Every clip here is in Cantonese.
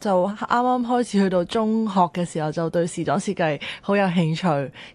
就啱啱開始去到中學嘅時候，就對時裝設計好有興趣，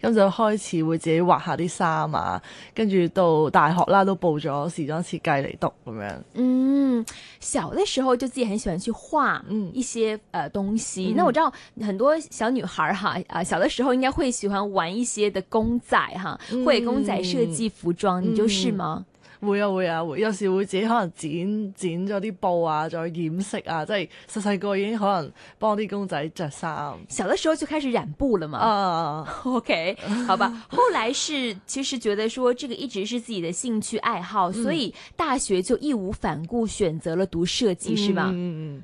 咁就開始會自己畫下啲衫啊，跟住到大學啦都報咗時裝設計嚟讀咁樣。嗯，小嘅時候就自己很喜歡去畫嗯一些誒、嗯呃、東西、嗯。那我知道很多小女孩哈啊，小嘅時候應該會喜歡玩一些的公仔哈、啊，會公仔設計服裝，嗯、你就是嗎？嗯會啊會啊會，有時會自己可能剪剪咗啲布啊，再染色啊，即係細細個已經可能幫啲公仔着衫。小的時候就開始染布了嘛？啊、uh,，OK， 好吧。後來是其實、就是、覺得說，這個一直是自己的興趣愛好，嗯、所以大學就義無反顧選擇了讀設計，是嗯。是嗎？嗯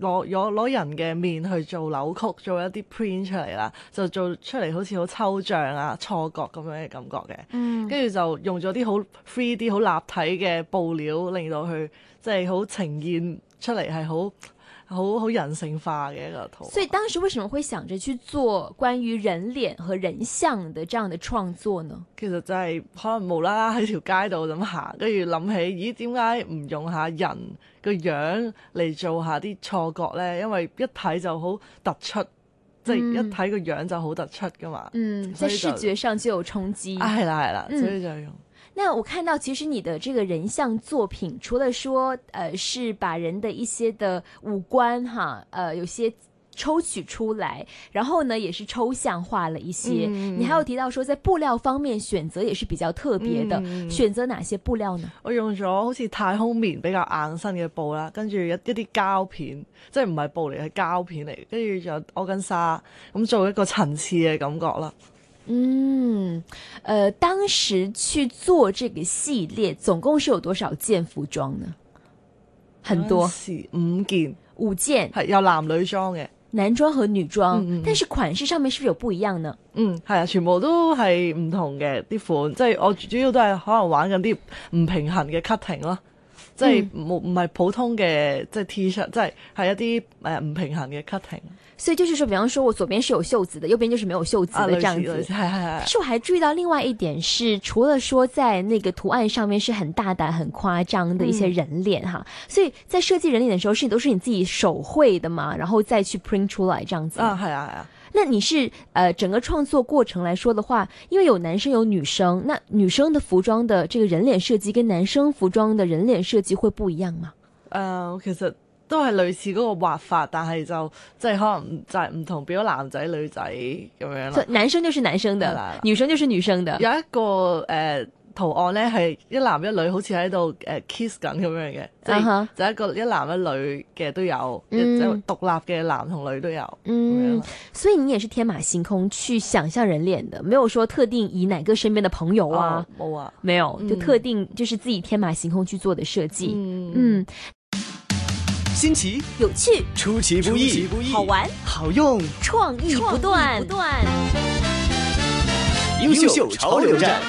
攞攞攞人嘅面去做扭曲，做一啲 print 出嚟啦，就做出嚟好似好抽象啊、錯覺咁樣嘅感覺嘅。跟、嗯、住就用咗啲好 free、好立體嘅布料，令到佢即係好呈現出嚟係好。好好人性化嘅一個圖，所以當時為什麼會想着去做關於人臉和人像的這樣的創作呢？其實就係可能無啦啦喺條街度咁行，跟住諗起，咦？點解唔用下人個樣嚟做下啲錯覺呢？因為一睇就好突出，即、嗯、係、就係、一睇個樣就好突出噶嘛。嗯，在視覺上就有衝擊。啊，係啦係啦，所以就用。嗯那我看到其實你的這個人像作品，除了說，呃，是把人的一些的五官，哈，呃，有些抽取出來，然後呢，也是抽象化了一些。嗯、你還有提到說，在布料方面選擇也是比較特別的，嗯、選擇哪些布料呢？我用咗好似太空棉比較硬身嘅布啦，跟住有一啲膠片，即係唔係布嚟，係膠片嚟，跟住就歐根紗，咁做一個層次嘅感覺啦。嗯，呃，當時去做這個系列，總共是有多少件服裝呢？很多，五件，五件係有男女裝嘅，男裝和女裝嗯，嗯，但是款式上面是不是有不一樣呢？嗯，係啊，全部都係唔同嘅啲款，即係我主要都係可能玩緊啲唔平衡嘅 cutting 咯。即係唔係普通嘅即係 T-shirt、嗯、即係係一啲誒唔平衡嘅 cutting。所以就是說，比方說我左邊是有袖子的，右邊就是沒有袖子的這樣子。啊、是，是，是，是，是我還注意到另外一點是，除了說在那個圖案上面是很大膽、很誇張的一些人臉、嗯、哈，所以在設計人臉的時候，是你都是你自己手繪的嘛，然後再去 print 出來這樣子。啊，係啊係啊。那你是，呃，整個創作過程來說的話，因為有男生有女生，那女生的服裝的這個人臉設計跟男生服裝的人臉設計會不一樣嗎？誒、uh,，其實都係類似嗰個畫法，但係就即係、就是、可能不就係、是、唔同比，變咗男仔女仔咁樣咯。So, 男生就是男生的，uh, 女生就是女生的。有一個誒。Uh, 圖案呢係一男一女好像一，好似喺度誒 kiss 緊咁樣嘅，就一個一男一女嘅都有，即、嗯、獨、就是、立嘅男同女都有。嗯，所以你也是天馬行空去想象人臉的，沒有說特定以哪個身邊的朋友啊，冇啊，沒有，啊沒有，嗯，就特定就是自己天馬行空去做的設計。嗯、新、嗯、奇、有趣、出其不，不，不意、好玩、好用、創意不斷、優秀潮流站。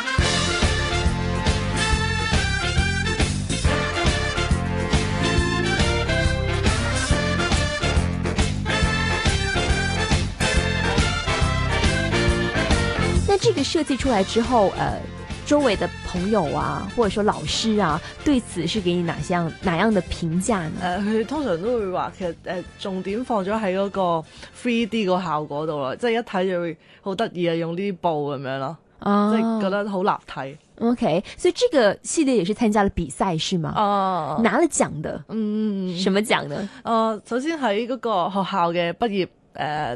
這個設計出來之後，誒、呃，周圍的朋友啊，或者說老師啊，對此是給你哪些樣哪樣的評價呢？誒、呃，佢通常都會話，其實誒、呃，重點放咗喺嗰個 three D 個效果度啦，即係一睇就會好得意啊，用呢啲布咁樣咯、哦，即係覺得好立體、哦。OK，所以這個系列也是參加了比賽是嗎？哦，拿了獎的，嗯，什麼獎呢？誒、呃，首先喺嗰個學校嘅畢業誒。呃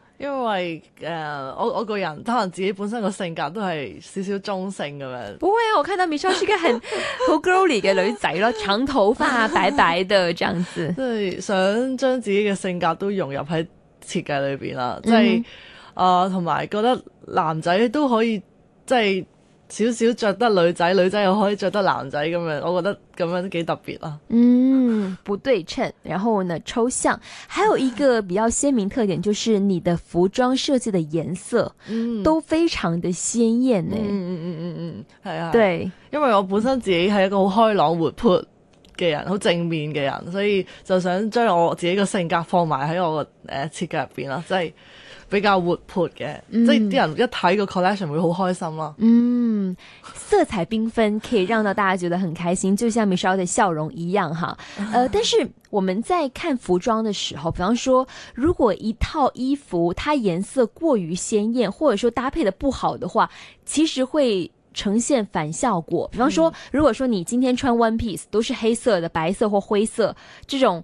因為誒、呃，我我個人可能自己本身個性格都係少少中性咁樣。唔會啊，我睇到 Michelle 應該係好 girly 嘅女仔咯，長頭髮，白白的這樣子。即、啊、係、就是、想將自己嘅性格都融入喺設計裏邊啦，即係啊，同、嗯、埋、呃、覺得男仔都可以即係。就是少少着得女仔，女仔又可以着得男仔咁樣，我覺得咁樣幾特別啊。嗯，不對稱，然後呢，抽象，還有一個比較鮮明特點 就是你的服裝設計的顏色、嗯，都非常的鮮艷嗯嗯嗯嗯嗯，係、嗯、啊、嗯嗯。對，因為我本身自己係一個好開朗活潑嘅人，好正面嘅人，所以就想將我自己個性格放埋喺我誒、呃、設計入邊啦，即、就、係、是。比較活潑嘅、嗯，即係啲人一睇個 collection 會好開心咯、啊。嗯，色彩繽紛可以讓到大家覺得很開心， 就像米莎的笑容一樣哈。呃，但是我們在看服裝的時候，比方說，如果一套衣服它顏色過於鮮豔，或者說搭配得不好的話，其實會呈現反效果。比方說、嗯，如果說你今天穿 one piece 都是黑色的、白色或灰色這種。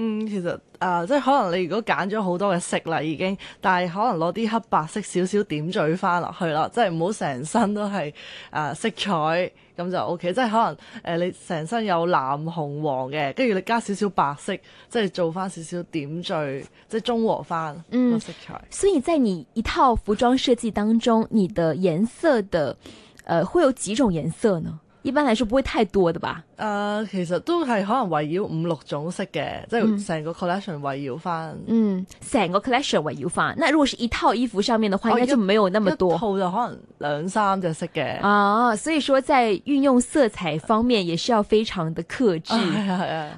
嗯，其實啊、呃，即係可能你如果揀咗好多嘅色啦，已經，但係可能攞啲黑白色少少點綴翻落去啦，即係唔好成身都係啊、呃、色彩咁就 OK。即係可能、呃、你成身有藍、紅、黃嘅，跟住你加少少白色，即係做翻少少點綴，即係中和翻個色彩、嗯。所以在你一套服裝設計當中，你嘅顏色嘅，誒、呃，會有幾種顏色呢？一般來說不會太多的吧？Uh, 其實都是可能圍繞五六種色嘅，即係成個 collection 圍繞翻。嗯，成個 collection 圍繞翻。那如果是一套衣服上面的話，oh, 應該就沒有那麼多。哦、一,一套就可能兩三隻色嘅。啊、uh,，所以說在運用色彩方面，也是要非常的剋制。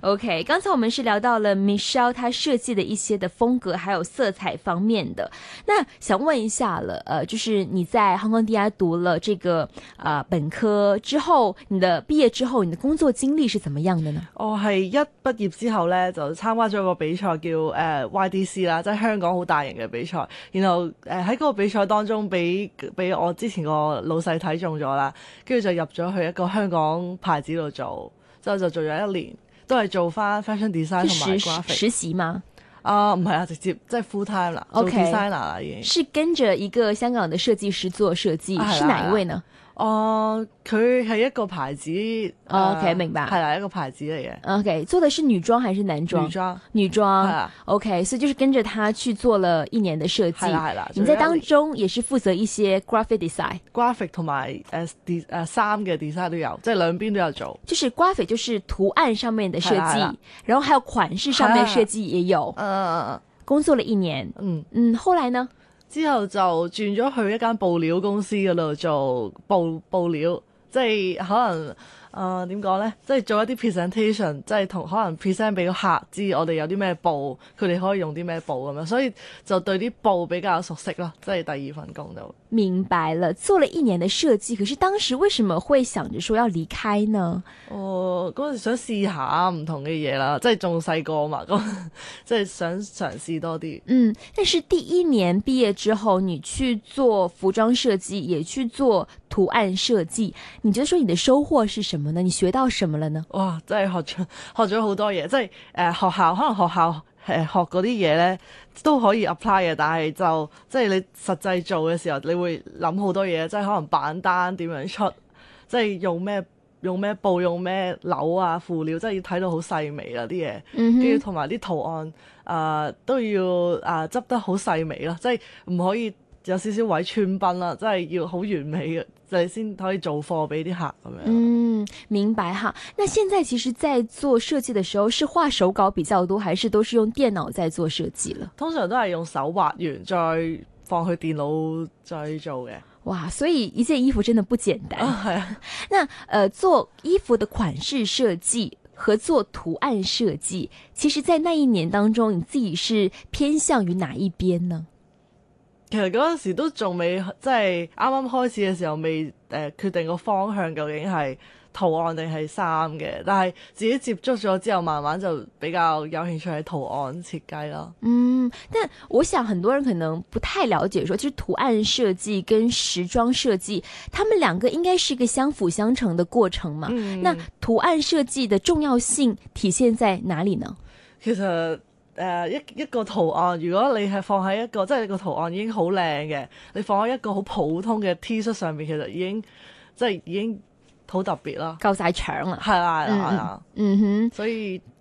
O K，剛才我們是聊到了 Michelle，她設計的一些的風格，還有色彩方面的。那想問一下了，呃，就是你在、Hong、Kong D I 讀了這個、呃、本科之後。你的畢業之後，你的工作經歷是怎麼樣的呢？我係一畢業之後咧，就參加咗一個比賽叫誒、呃、YDC 啦，即係香港好大型嘅比賽。然後誒喺、呃、個比賽當中，俾俾我之前個老細睇中咗啦，跟住就入咗去一個香港牌子度做，之後就做咗一年，都係做翻 fashion design 同埋 graphics。實習嗎？啊、呃，唔係啊，直接即係 full time 啦 designer 啦，係跟着一個香港嘅設計師做設計、啊，是哪一位呢？哦，佢係一個牌子，OK、呃、明白，係啦一個牌子嚟嘅。OK 做的是女裝還是男裝？女裝，女裝。啊、OK，所以就是跟着他去做了一年的設計，係啦，係啦。你在當中也是負責一些 graphic design，graphic 同埋誒誒衫嘅 design 有、啊啊、的設計都有，即係兩邊都有做。就是 graphic 就是圖案上面的設計，啊啊、然後還有款式上面的設計也有。嗯、啊，工作了一年，嗯嗯，後來呢？之後就轉咗去一間布料公司嗰度做布布料，即係可能啊，點講咧？即係做一啲 presentation，即係同可能 present 俾個客知我哋有啲咩布，佢哋可以用啲咩布咁樣，所以就對啲布比較熟悉咯。即係第二份工就。明白了，做了一年的設計，可是當時為什麼會想着說要離開呢？哦、呃，嗰陣想試下唔同嘅嘢啦，即係仲細個嘛，咁即係想嘗試多啲。嗯，但是第一年畢業之後，你去做服裝設計，也去做圖案設計，你覺得說你的收穫是什麼呢？你學到什麼了呢？哇，真係學咗學咗好多嘢，真係誒學校可能學校。誒學嗰啲嘢咧都可以 apply 嘅，但係就即係你實際做嘅時候，你會諗好多嘢，即係可能版單點樣出，即係用咩用咩布用咩鈕啊，輔料即係要睇到好細微啦啲嘢，跟住同埋啲圖案啊、呃、都要啊執、呃、得好細微咯，即係唔可以有少少位穿崩啦，即係要好完美嘅。就先可以做貨俾啲客咁樣。嗯，明白哈。那現在其實，在做設計的時候，是畫手稿比較多，還是都是用電腦在做設計了？通常都係用手畫完，再放去電腦再做嘅。哇，所以一件衣服真的不簡單。係、啊。啊、 那，呃，做衣服的款式設計和做圖案設計，其實，在那一年當中，你自己是偏向於哪一邊呢？其實嗰陣時都仲未，即係啱啱開始嘅時候未，誒、呃，決定個方向究竟係圖案定係衫嘅。但係自己接觸咗之後，慢慢就比較有興趣喺圖案設計咯。嗯，但我想很多人可能不太了解說，說其實圖案設計跟時裝設計，他們兩個應該是一個相輔相成的過程嘛。嗯。那圖案設計的重要性體現在哪裏呢？其實。誒、呃、一一,一個圖案，如果你係放喺一個，即係個圖案已經好靚嘅，你放喺一個好普通嘅 T 恤上面，其實已經即係已經好特別啦。夠晒搶啦！係啊係啊，嗯哼，所以。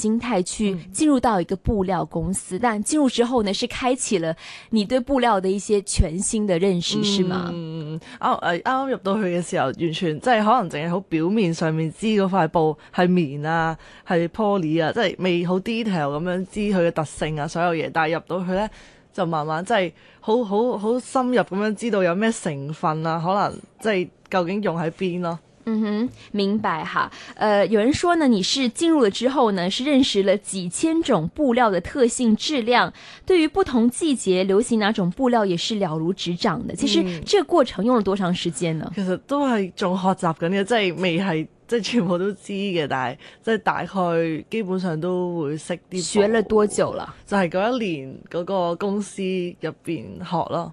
心態去進入到一個布料公司，嗯、但進入之後呢，是開啟了你對布料的一些全新的認識，嗯、是嗎？啱、嗯、誒，啱啱入到去嘅時候，完全即係可能淨係好表面上面知嗰塊布係棉啊，係 poly 啊，即係未好 detail 咁樣知佢嘅特性啊，所有嘢。但係入到去咧，就慢慢即係好好好深入咁樣知道有咩成分啊，可能即係究竟用喺邊咯。嗯哼，明白哈。呃，有人說呢，你是進入了之後呢，是認識了幾千種布料的特性、質量，對於不同季節流行哪種布料也是了如指掌的。其實這過程用了多長時間呢？嗯、其實都係仲學習緊嘅，即係未係即係全部都知嘅，但係即係大概基本上都會識啲。學了多久啦？就係、是、嗰一年嗰個公司入邊學咯。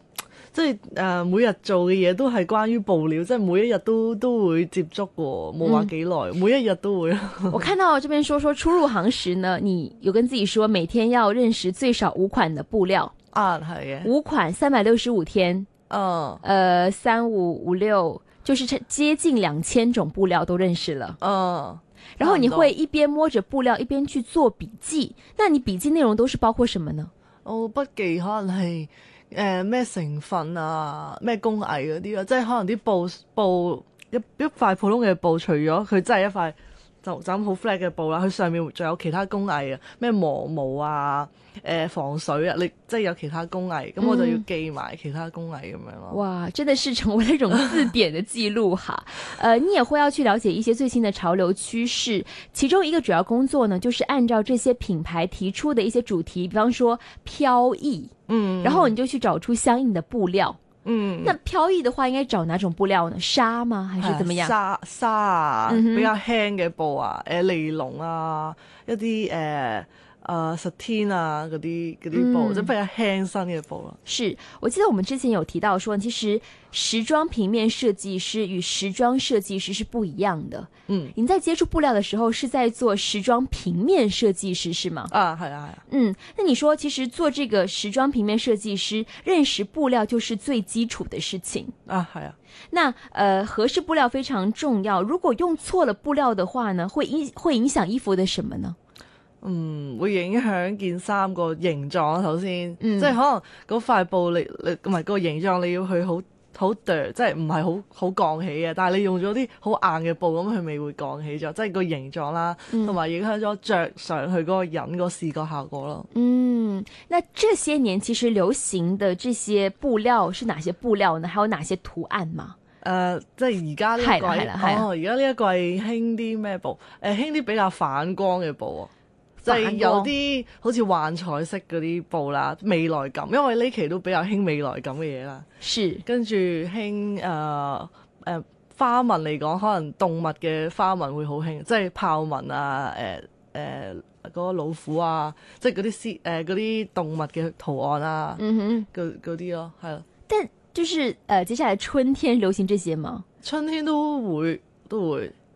即係誒、呃，每日做嘅嘢都係關於布料，即係每一日都都會接觸嘅、喔，冇話幾耐，每一日都會。我看到這邊說說初入行時呢，你有跟自己說每天要認識最少五款的布料啊，係五款三百六十五天，嗯、啊、誒，三五五六，3556，就是接近兩千種布料都認識了，嗯、啊，然後你會一邊摸着布料一邊去做筆記，那你筆記內容都是包括什麼呢？哦，筆記可能係。誒、呃、咩成分啊？咩工藝嗰啲咯，即係可能啲布布一，一塊普通嘅布除，除咗佢，真係一塊。就就好 f l a g 嘅布啦，佢上面仲有其他工藝啊，咩磨毛啊，防水啊，你即係有其他工藝，咁我就要記埋、嗯、其他工藝咁樣咯。哇，真的是成為一種字典的記錄哈。 uh, 你也會要去了解一些最新的潮流趨勢，其中一個主要工作呢，就是按照這些品牌提出的一些主題，比方說飄逸，嗯，然後你就去找出相應的布料。嗯，那飄逸的話應該找哪種布料呢？紗嗎，還是怎麼樣？啊、紗紗啊、嗯，比較輕嘅布啊，誒、呃，尼龍啊，一啲誒。呃誒，十天啊，嗰啲嗰啲布，即係比較輕身嘅布啦。是，我記得我們之前有提到說，其實時裝平面設計師與時裝設計師是不一樣的。嗯，你在接觸布料的時候，是在做時裝平面設計師是嗎？啊，係啊，係啊。嗯，那你說其實做這個時裝平面設計師，認識布料就是最基礎的事情啊，係啊。那，呃，合適布料非常重要。如果用錯了布料的話呢，會影會影響衣服的什麼呢？嗯，會影響件衫個形狀，首先，嗯、即係可能嗰塊布你你唔係、那個形狀你要去好好掉，durr, 即係唔係好好降起嘅。但係你用咗啲好硬嘅布，咁佢未會降起咗，即係個形狀啦，同、嗯、埋影響咗着上去嗰個人個視覺效果咯。嗯，那這些年其實流行的這些布料是哪些布料呢？還有哪些圖案嘛？誒、呃，即係而家呢季哦，而家呢一季興啲咩布？誒、呃，興啲比較反光嘅布啊！即、就、係、是、有啲好似幻彩色嗰啲布啦，未來感，因為呢期都比較興未來感嘅嘢啦。跟住興誒誒花紋嚟講，可能動物嘅花紋會好興，即係豹紋啊，誒誒嗰個老虎啊，即係嗰啲獅誒啲動物嘅圖案啊。嗯哼。嗰啲咯，係咯。但就是誒、呃，接下來春天流行這些嘛？春天都會都會。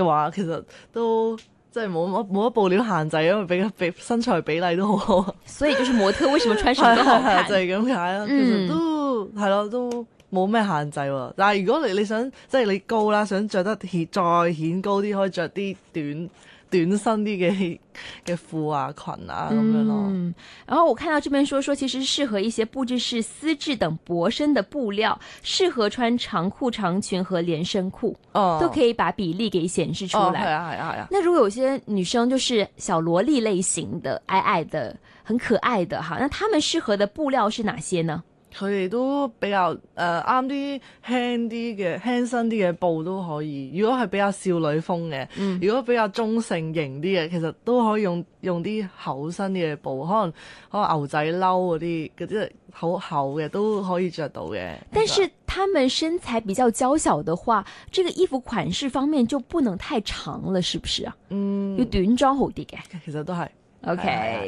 嘅話，其實都即係冇冇冇乜布料限制，因為比較比身材比例都好好。所以就是模特為什麼穿什麼都好 就係咁解咯。其實都係咯，都冇咩限制。但係如果你你想即係你高啦，想着得顯再顯高啲，可以着啲短。短身啲嘅嘅褲啊、裙啊咁樣咯。嗯，然後我看到這邊說說，其實適合一些布質是絲質等薄身的布料，適合穿長褲、長裙和連身褲，哦，都可以把比例給顯示出來。哦、啊，係啊，係啊。那如果有些女生就是小蘿莉類型的，矮矮的，很可愛的哈，那她們適合的布料是哪些呢？佢哋都比較誒啱啲輕啲嘅輕身啲嘅布都可以。如果係比較少女風嘅、嗯，如果比較中性型啲嘅，其實都可以用用啲厚身啲嘅布，可能可能牛仔褸嗰啲嗰啲好厚嘅都可以着到嘅。但是，他們身材比較嬌小的話，這個衣服款式方面就不能太長了，是不是啊？嗯，要短裝好啲嘅。其實都係。O、okay,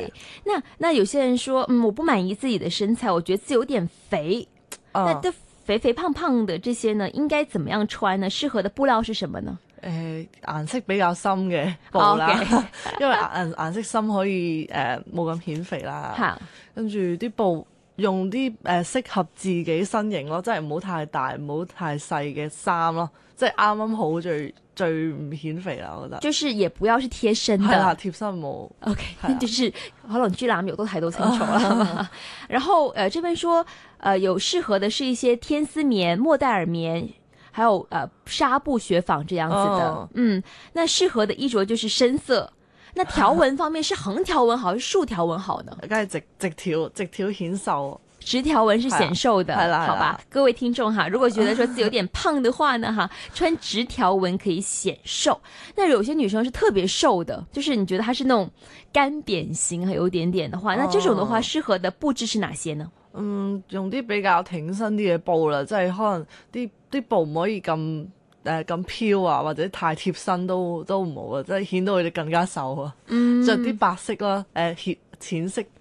K，那那有些人說，嗯，我不滿意自己的身材，我覺得自己有點肥，uh, 那肥肥胖胖的這些呢，應該怎麼樣穿呢？適合的布料是什麼呢？誒、呃，顏色比較深嘅布啦，okay. 因為顏顏色深可以誒冇咁顯肥啦， 跟住啲布用啲誒適合自己身形咯，即係唔好太大，唔好太細嘅衫咯。即係啱啱好最最唔顯肥啦，我覺得。就是也不要是貼身的貼身冇。OK，咁就是可能豬腩肉都睇到清楚啦、啊。然後誒、呃，這邊說，誒、呃、有適合的是一些天絲棉、莫代爾棉，還有誒紗、呃、布、雪紡這樣子的、啊。嗯，那適合的衣着就是深色。那條紋方面是橫條紋好，啊、還是豎條紋好呢？梗係直直條直條顯瘦。直條紋是顯瘦的，啊啊，好吧？啊啊、各位聽眾哈，如果覺得說自己有點胖的話呢，哈， 穿直條紋可以顯瘦。那有些女生是特別瘦的，就是你覺得她是那種乾扁型，還有點點的話，那這種的話適、哦、合的布置是哪些呢？嗯，用啲比較挺身啲嘅布啦，即、就、係、是、可能啲啲布唔可以咁誒咁飄啊，或者太貼身都都唔好啊，即係顯到佢哋更加瘦啊。嗯，着啲白色啦，誒、呃，淺色。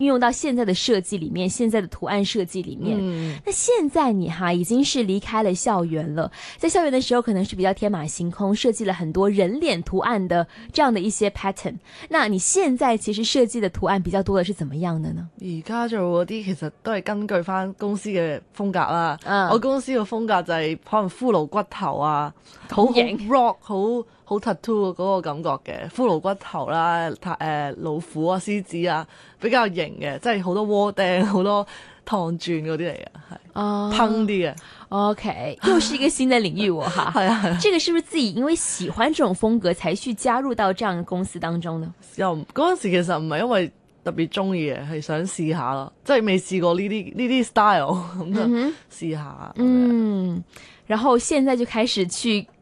運用到現在的設計裏面，現在的圖案設計裏面。嗯，那現在你哈已經是離開了校園了，在校園的時候可能是比較天馬行空，設計了很多人臉圖案的這樣的一些 pattern。那你現在其實設計的圖案比較多的是怎麼樣的呢？依家做嗰啲其實都係根據翻公司嘅風格啦。嗯，我公司嘅風格就係、是、可能骷髏骨頭啊，好型，好 rock 好。好 tattoo 嗰個感覺嘅，骷髏骨頭啦、啊，誒、呃、老虎啊、獅子啊，比較型嘅，即係好多窩釘、好多燙鑽嗰啲嚟嘅，係啊，燙啲嘅。OK，又是一個新嘅領域喎吓，係 啊， 呢個是不是自己因為喜歡這種風格，才去加入到這樣嘅公司當中呢？ 又嗰陣時其實唔係因為特別中意嘅，係想試下咯，即係未試過呢啲呢啲 style，咁試下、mm -hmm. 是。嗯，然後現在就開始去。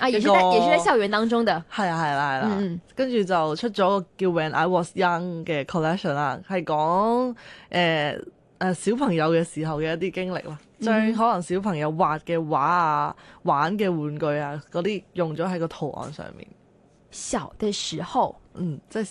啊，也是在、這個、也是在校園當中的，係啊係啦係啦，嗯，跟住就出咗個叫 When I Was Young 嘅 collection 啦、啊，係講誒誒小朋友嘅時候嘅一啲經歷啦，將、嗯、可能小朋友畫嘅畫啊、玩嘅玩具啊嗰啲用咗喺個圖案上面。小嘅時候，嗯，即係。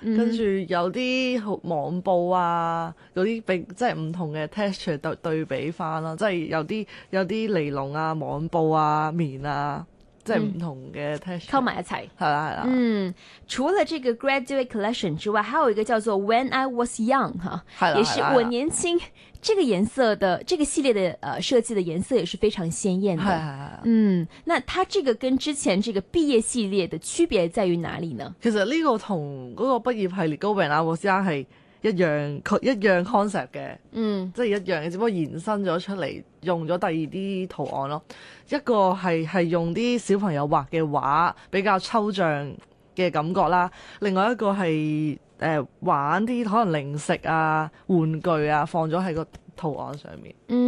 跟住有啲網布啊，有啲比即係唔同嘅 texture 對對比翻啦，即係有啲有啲尼龍啊、網布啊、棉啊。即係唔同嘅 texture 溝埋一齊，係啦係啦。嗯，除了這個 Graduate Collection 之外，還有一個叫做 When I Was Young，哈，係啦係啦，也是我年輕。這個顏色的這個系列嘅誒、呃、設計嘅顏色也是非常鮮豔的，的。嗯，那它這個跟之前這個畢業系列的區別在於哪裡呢？其實呢個同嗰個畢業系列高餅阿波斯拉係。我現在是一樣，佢一樣 concept 嘅，嗯，即係一樣嘅，只不過延伸咗出嚟，用咗第二啲圖案咯。一個係係用啲小朋友畫嘅畫，比較抽象嘅感覺啦。另外一個係、呃、玩啲可能零食啊、玩具啊，放咗喺個圖案上面。嗯。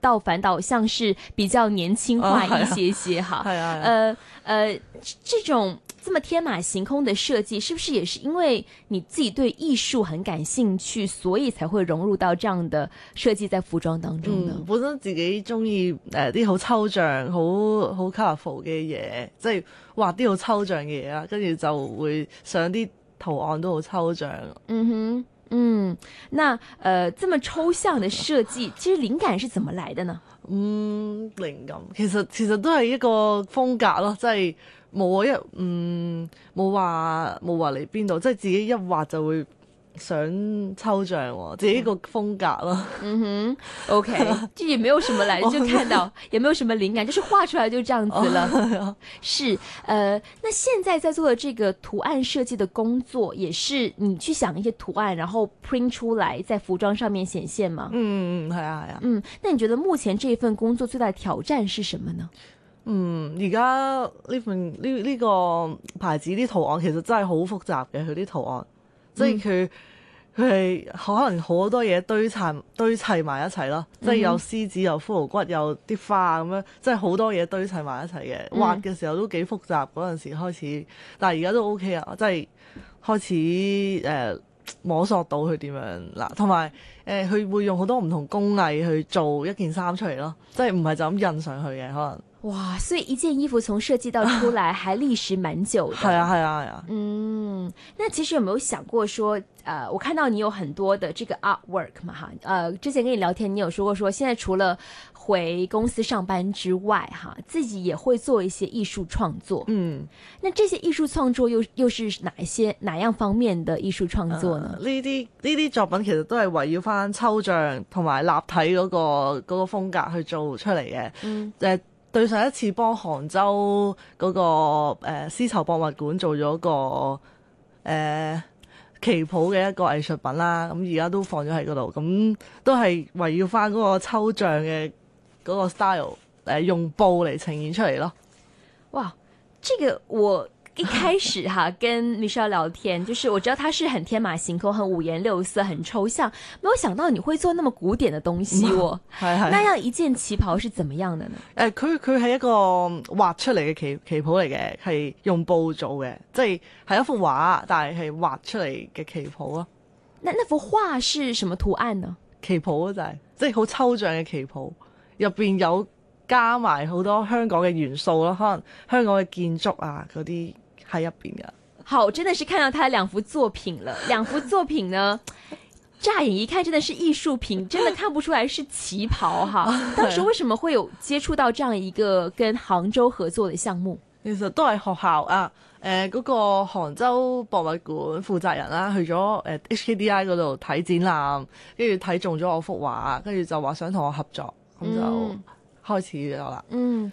到反倒像是比較年輕化一些些哈、啊啊啊啊，呃，呃，這種這麼天馬行空的設計，是不是也是因為你自己對藝術很感興趣，所以才會融入到這樣的設計在服裝當中呢？本、嗯、身自己中意誒啲好抽象、好好 colorful 嘅嘢，即係畫啲好抽象嘅嘢啊，跟住就會上啲圖案都好抽象。嗯哼。嗯，那誒、呃，這麼抽象的設計，其實靈感是怎麼來的呢？嗯，靈感其實其實都係一個風格咯，即係冇一嗯，冇話冇話嚟邊度，即係自己一畫就會。想抽象，哦、自己個風格咯， 嗯哼，O、okay, K，就也沒有什麼來 就看到，也沒有什麼靈感， 就是畫出來就這樣子了、哦是，啊、是，誒、呃，那現在在做的這個圖案設計的工作，也是你去想一些圖案，然後 print 出來在服裝上面顯現嗎？嗯，係啊，係啊。嗯，那你覺得目前這份工作最大的挑戰是什麼呢？嗯，而家呢份呢呢個牌子啲圖案其實真係好複雜嘅，佢啲圖案。.即係佢佢係可能好多嘢堆砌堆砌埋一齊咯，即係有獅子、嗯、有骷髏骨、有啲花咁樣，即係好多嘢堆砌埋一齊嘅畫嘅時候都幾複雜。嗰陣時開始，但係而家都 OK 啊，即係開始誒、呃、摸索到佢點樣嗱，同埋誒佢會用好多唔同工藝去做一件衫出嚟咯，即係唔係就咁印上去嘅可能。哇，所以一件衣服從設計到出來還歷蠻久，還歷時蠻久。係啊，係啊，係啊。嗯，那其實有沒有想過說，呃我看到你有很多的這個 artwork 嘛，哈、呃，呃之前跟你聊天，你有說過說，現在除了回公司上班之外，哈、啊，自己也會做一些藝術創作。嗯，那這些藝術創作又又是哪一些、哪樣方面的藝術創作呢？呢啲呢啲作品其實都係圍繞翻抽象同埋立體嗰、嗰個嗰、嗰個風格去做出嚟嘅。嗯。呃對上一次幫杭州嗰、那個絲、呃、絲綢博物館做咗個誒旗袍嘅一個藝術品啦，咁而家都放咗喺嗰度，咁、嗯、都係圍繞返嗰個抽象嘅嗰個 style，呃、用布嚟呈現出嚟咯。哇！即、這個我。 一開始哈跟 Michelle 聊天，就是我知道他是很天馬行空、很五顏六色、很抽象，沒有想到你會做那麼古典的東西，哦。係係，那樣一件旗袍是怎麼樣的呢？誒、嗯，佢佢係一個畫出嚟嘅旗旗袍嚟嘅，係用布做嘅，即係係一幅畫，但係係畫出嚟嘅旗袍咯。那那幅畫是什麼圖案呢？旗袍啊、就是，就係即係好抽象嘅旗袍，入邊有加埋好多香港嘅元素咯，可能香港嘅建築啊嗰啲。那些喺一邊啊！好，真的是看到他兩幅作品了。兩幅作品呢， 乍眼一看真的是藝術品，真的看不出來是旗袍哈。當 時為什麼會有接觸到這樣一個跟杭州合作的項目？其實都係學校啊，誒、呃、嗰、那個杭州博物館負責人啦、啊，去咗誒、呃、HKDI 嗰度睇展覽，跟住睇中咗我幅畫，跟住就話想同我合作，咁就開始咗啦。嗯。嗯。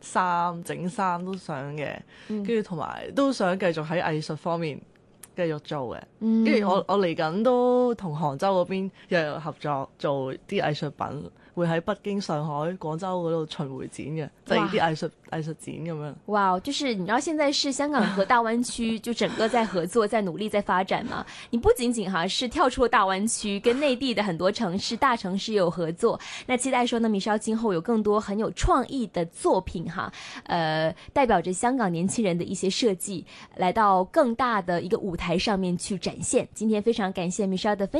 衫整衫都想嘅，跟住同埋都想繼續喺藝術方面繼續做嘅。嗯、跟住我我嚟緊都同杭州嗰邊又有合作，做啲藝術品。會喺北京、上海、廣州嗰度巡迴展嘅，就係、是、啲藝術藝術展咁樣。哇！就是你知道，現在是香港和大灣區就整個在合作、 在努力、在發展嘛。你不僅僅哈是跳出了大灣區，跟內地的很多城市、大城市有合作。那期待說呢，呢米莎今後有更多很有創意的作品哈，呃，代表著香港年輕人的一些設計，來到更大的一個舞台上面去展現。今天非常感謝米莎的。